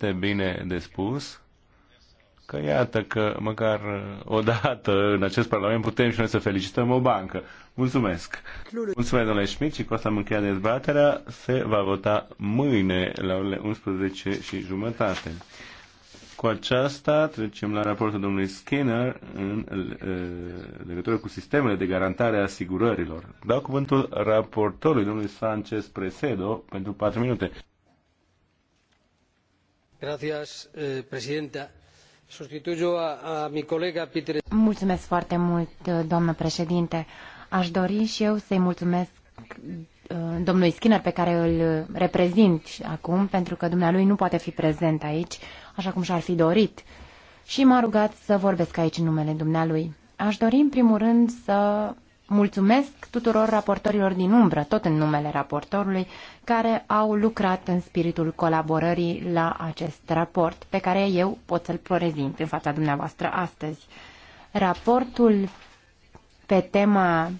foarte bine de spus că iată că măcar odată în acest Parlament putem și noi să felicităm o bancă. Mulțumesc! Mulțumesc, domnule Schmidt, și cu asta am încheiat dezbaterea. Se va vota mâine la orele 11 și jumătate. Cu aceasta trecem la raportul domnului Skinner în uh, legătură cu sistemele de garantare a asigurărilor. Dau cuvântul raportorului domnului Sanchez Presedo pentru 4 minute. Mulțumesc, eh, președinte. Substituyo a mi colega Peter. Mulțumesc foarte mult, eh, doamnă președinte. Aș dori și eu să-i mulțumesc eh, domnului Skinner pe care îl reprezint acum, pentru că dumnealui nu poate fi prezent aici, așa cum și-ar fi dorit. Și m-a rugat să vorbesc aici în numele dumnealui. Aș dori, în primul rând, să mulțumesc tuturor raportorilor din umbră, tot în numele raportorului, care au lucrat în spiritul colaborării la acest raport, pe care eu pot să-l prezint în fața dumneavoastră astăzi. Raportul pe tema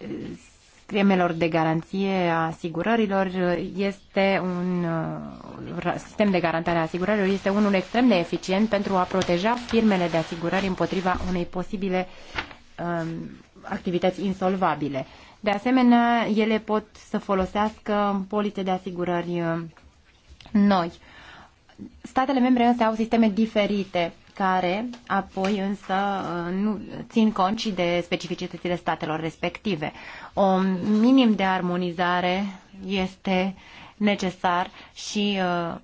uh, schemelor de garanție a asigurărilor este un uh, sistem de garantare a asigurărilor este unul extrem de eficient pentru a proteja firmele de asigurări împotriva unei posibile Um, activități insolvabile. De asemenea, ele pot să folosească polițe de asigurări um, noi. Statele membre însă au sisteme diferite care apoi însă uh, nu țin cont și de specificitățile statelor respective. O minim de armonizare este necesar și uh,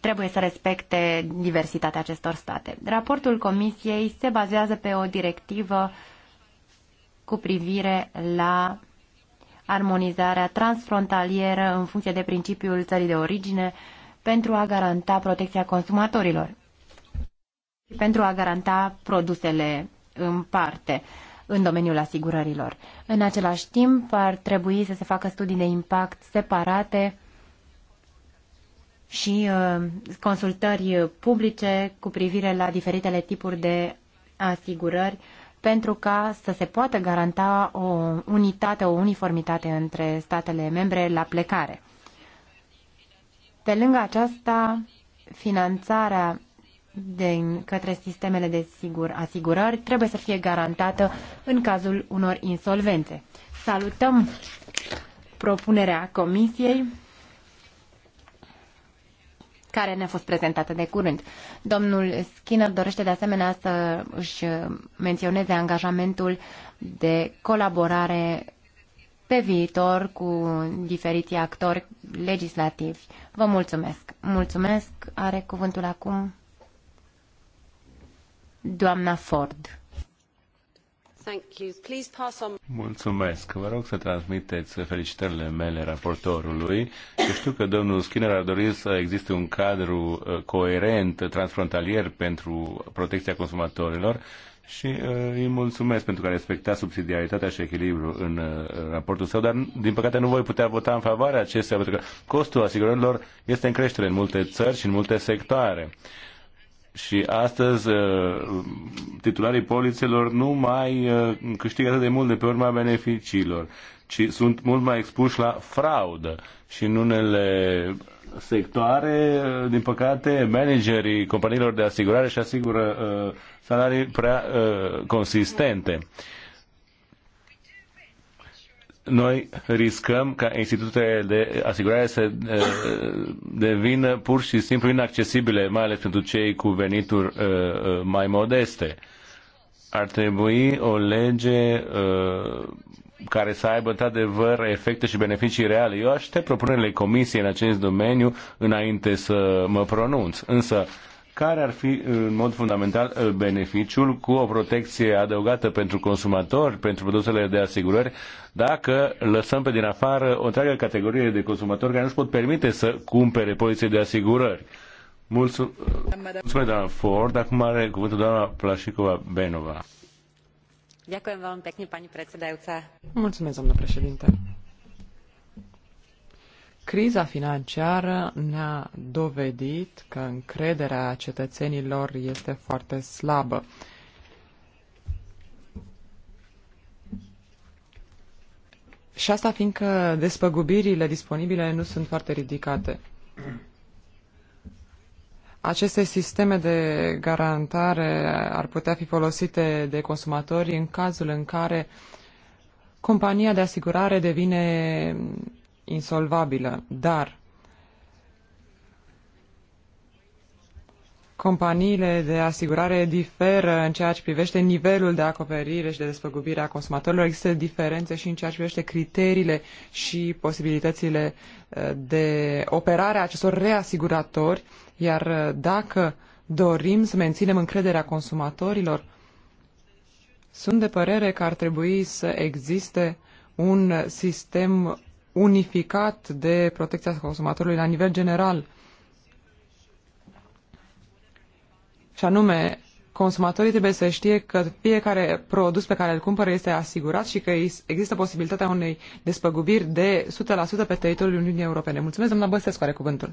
trebuie să respecte diversitatea acestor state. Raportul Comisiei se bazează pe o directivă cu privire la armonizarea transfrontalieră în funcție de principiul țării de origine pentru a garanta protecția consumatorilor și pentru a garanta produsele în parte în domeniul asigurărilor. În același timp, ar trebui să se facă studii de impact separate și uh, consultări publice cu privire la diferitele tipuri de asigurări pentru ca să se poată garanta o unitate, o uniformitate între statele membre la plecare. Pe lângă aceasta, finanțarea de către sistemele de sigur, asigurări trebuie să fie garantată în cazul unor insolvențe. Salutăm propunerea Comisiei care ne-a fost prezentată de curând. Domnul Skinner dorește de asemenea să își menționeze angajamentul de colaborare pe viitor cu diferiții actori legislativi. Vă mulțumesc. Mulțumesc. Are cuvântul acum doamna Ford. Mulțumesc. Vă rog să transmiteți felicitările mele raportorului. Și știu că domnul Skinner ar dori să existe un cadru uh, coerent, transfrontalier pentru protecția consumatorilor și uh, îi mulțumesc pentru că a respectat subsidiaritatea și echilibru în uh, raportul său, dar din păcate nu voi putea vota în favoarea acestea, pentru că costul asigurărilor este în creștere în multe țări și în multe sectoare. Și astăzi uh, titularii polițelor nu mai uh, câștigă atât de mult de pe urma beneficiilor, ci sunt mult mai expuși la fraudă. Și în unele sectoare, uh, din păcate, managerii companiilor de asigurare și asigură salarii prea consistente noi riscăm ca institutele de asigurare să eh, devină pur și simplu inaccesibile, mai ales pentru cei cu venituri eh, eh, mai modeste. Ar trebui o lege care să aibă într-adevăr efecte și beneficii reale. Eu aștept propunerile Comisiei în acest domeniu înainte să mă pronunț. Însă, care ar fi în mod fundamental beneficiul cu o protecție adăugată pentru consumatori, pentru produsele de asigurări, dacă lăsăm pe din afară o întreagă categorie de consumatori care nu-și pot permite să cumpere poliție de asigurări. Mulțumesc, Mulțumesc doamna Ford. Acum are cuvântul doamna Plașicova Benova. Mulțumesc, domnule președinte. Criza financiară ne-a dovedit că încrederea cetățenilor este foarte slabă. Și asta fiindcă despăgubirile disponibile nu sunt foarte ridicate. Aceste sisteme de garantare ar putea fi folosite de consumatori în cazul în care compania de asigurare devine insolvabilă, dar companiile de asigurare diferă în ceea ce privește nivelul de acoperire și de despăgubire a consumatorilor. Există diferențe și în ceea ce privește criteriile și posibilitățile eh, de operare a acestor reasiguratori, iar eh, dacă dorim să menținem încrederea consumatorilor, sunt de părere că ar trebui să existe un sistem unificat de protecția consumatorului la nivel general. Și anume, consumatorii trebuie să știe că fiecare produs pe care îl cumpără este asigurat și că există posibilitatea unei despăgubiri de 100% pe teritoriul Uniunii Europene. Mulțumesc, doamna Băsescu, are cuvântul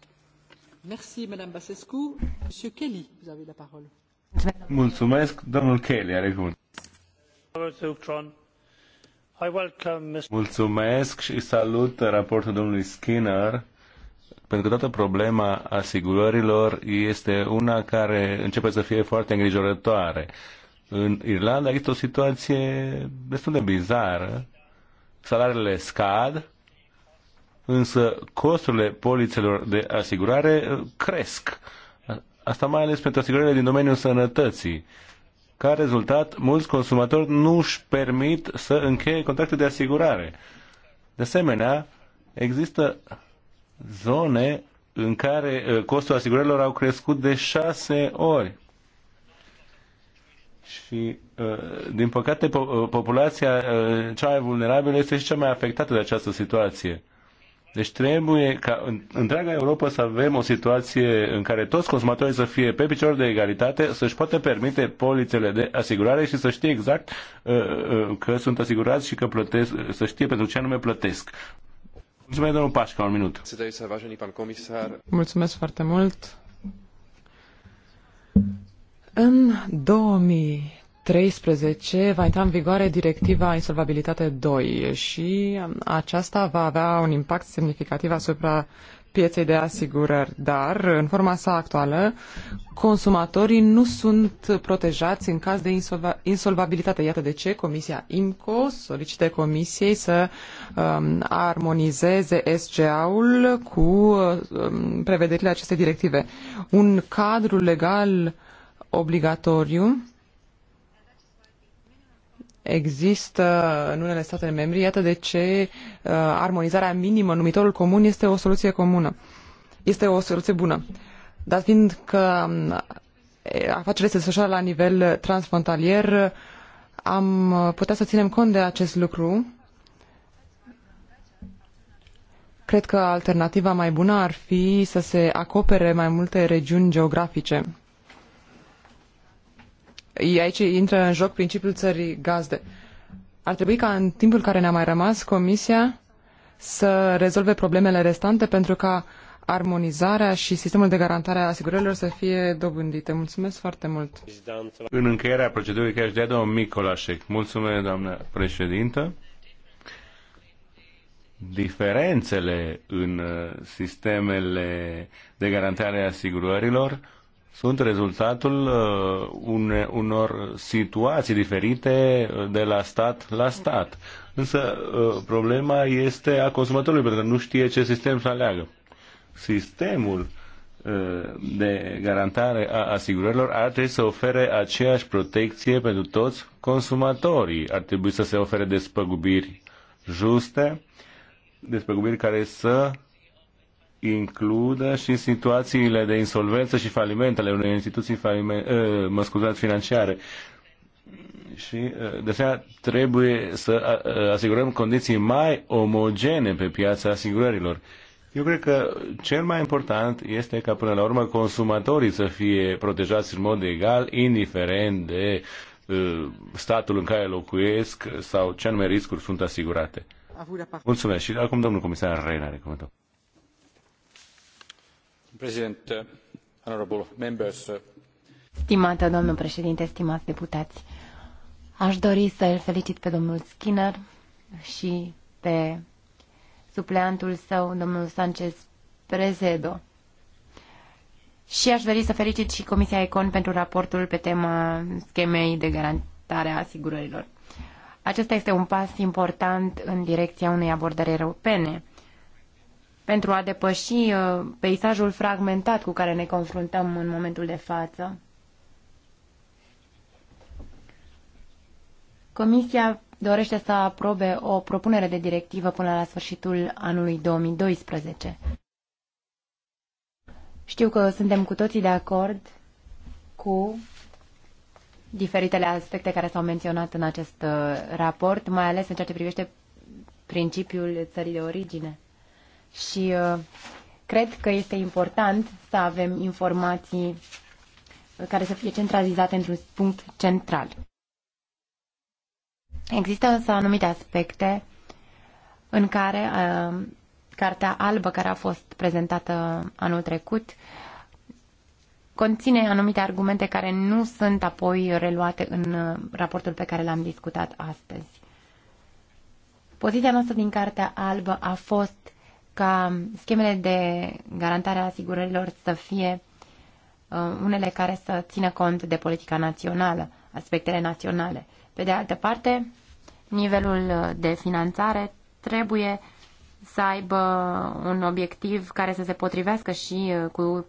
Mulțumesc, Kelly, Mulțumesc și salut raportul domnului Skinner, pentru că toată problema asigurărilor este una care începe să fie foarte îngrijorătoare. În Irlanda există o situație destul de bizară. Salariile scad, însă costurile polițelor de asigurare uh, cresc. Asta mai ales pentru asigurările din domeniul sănătății. Ca rezultat, mulți consumatori nu își permit să încheie contracte de asigurare. De asemenea, există zone în care uh, costul asigurărilor au crescut de șase ori. Și, uh, din păcate, populația cea mai vulnerabilă este și cea mai afectată de această situație. Deci trebuie ca în întreaga Europa să avem o situație în care toți consumatorii să fie pe picior de egalitate, să-și poată permite polițele de asigurare și să știe exact uh, uh, că sunt asigurați și că plătesc, să știe pentru ce anume plătesc. Mulțumesc, domnul Pașca, un minut. Mulțumesc foarte mult. În 2000 2013 va intra în vigoare directiva Insolvabilitate 2 și aceasta va avea un impact semnificativ asupra pieței de asigurări, dar în forma sa actuală consumatorii nu sunt protejați în caz de insolva insolvabilitate. Iată de ce Comisia IMCO solicită Comisiei să um, armonizeze SGA-ul cu um, prevederile acestei directive. Un cadru legal obligatoriu există în unele state membre. Iată de ce uh, armonizarea minimă, numitorul comun, este o soluție comună. Este o soluție bună. Dar fiind că um, afacerile se desfășoară la nivel transfrontalier, am putea să ținem cont de acest lucru. Cred că alternativa mai bună ar fi să se acopere mai multe regiuni geografice aici intră în joc principiul țării gazde. Ar trebui ca în timpul care ne-a mai rămas Comisia să rezolve problemele restante pentru ca armonizarea și sistemul de garantare a asigurărilor să fie dobândite. Mulțumesc foarte mult. În încheierea procedurii chiar de domnul Micolașec. Mulțumesc, doamnă președintă. Diferențele în uh, sistemele de garantare a asigurărilor sunt rezultatul uh, une, unor situații diferite uh, de la stat la stat. Însă uh, problema este a consumatorului, pentru că nu știe ce sistem să aleagă. Sistemul de garantare a asigurărilor ar trebui să ofere aceeași protecție pentru toți consumatorii. Ar trebui să se ofere despăgubiri juste, despăgubiri care să includă și situațiile de insolvență și faliment ale unei instituții faliment, ă, mă scuzați, financiare. Și, ă, de asemenea, trebuie să ă, asigurăm condiții mai omogene pe piața asigurărilor. Eu cred că cel mai important este ca, până la urmă, consumatorii să fie protejați în mod egal, indiferent de statul în care locuiesc sau ce anume riscuri sunt asigurate. Mulțumesc. Și acum domnul comisar Reina are cuvântul. Uh, Stimată doamnă președinte, stimați deputați, aș dori să îl felicit pe domnul Skinner și pe supleantul său, domnul Sanchez Prezedo. Și aș dori să felicit și Comisia Econ pentru raportul pe tema schemei de garantare a asigurărilor. Acesta este un pas important în direcția unei abordări europene pentru a depăși uh, peisajul fragmentat cu care ne confruntăm în momentul de față. Comisia dorește să aprobe o propunere de directivă până la sfârșitul anului 2012. Știu că suntem cu toții de acord cu diferitele aspecte care s-au menționat în acest uh, raport, mai ales în ceea ce privește principiul țării de origine și uh, cred că este important să avem informații uh, care să fie centralizate într-un punct central. Există însă anumite aspecte în care uh, Cartea Albă, care a fost prezentată anul trecut, conține anumite argumente care nu sunt apoi reluate în uh, raportul pe care l-am discutat astăzi. Poziția noastră din Cartea Albă a fost ca schemele de garantare a asigurărilor să fie uh, unele care să țină cont de politica națională, aspectele naționale. Pe de altă parte, nivelul de finanțare trebuie să aibă un obiectiv care să se potrivească și uh, cu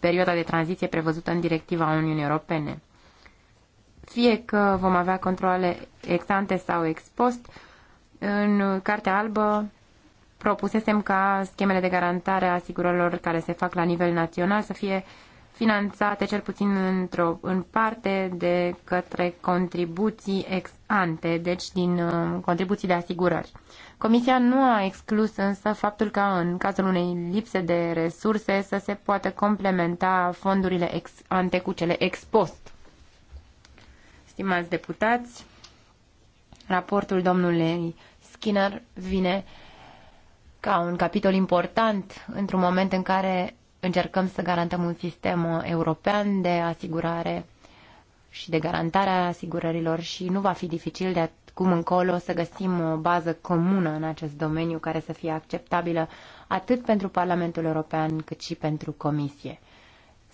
perioada de tranziție prevăzută în directiva Uniunii Europene. Fie că vom avea controle ex ante sau ex post, în Cartea Albă propusesem ca schemele de garantare a asigurărilor care se fac la nivel național să fie finanțate cel puțin într-o în parte de către contribuții ex ante, deci din uh, contribuții de asigurări. Comisia nu a exclus însă faptul că în cazul unei lipse de resurse să se poată complementa fondurile ex ante cu cele ex post. Stimați deputați, raportul domnului Skinner vine ca un capitol important într-un moment în care încercăm să garantăm un sistem european de asigurare și de garantarea asigurărilor și nu va fi dificil de acum încolo să găsim o bază comună în acest domeniu care să fie acceptabilă atât pentru Parlamentul European cât și pentru Comisie.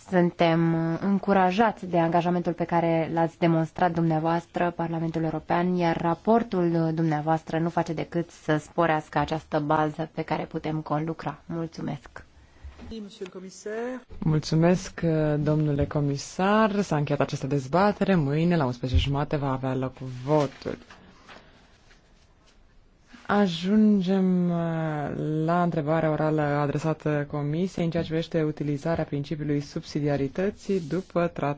Suntem încurajați de angajamentul pe care l-ați demonstrat dumneavoastră, Parlamentul European, iar raportul dumneavoastră nu face decât să sporească această bază pe care putem conlucra. Mulțumesc! Mulțumesc, domnule comisar. S-a încheiat această dezbatere. Mâine, la 11.30, va avea loc votul. Ajungem uh, la întrebarea orală adresată Comisiei în ceea ce privește utilizarea principiului subsidiarității după tratat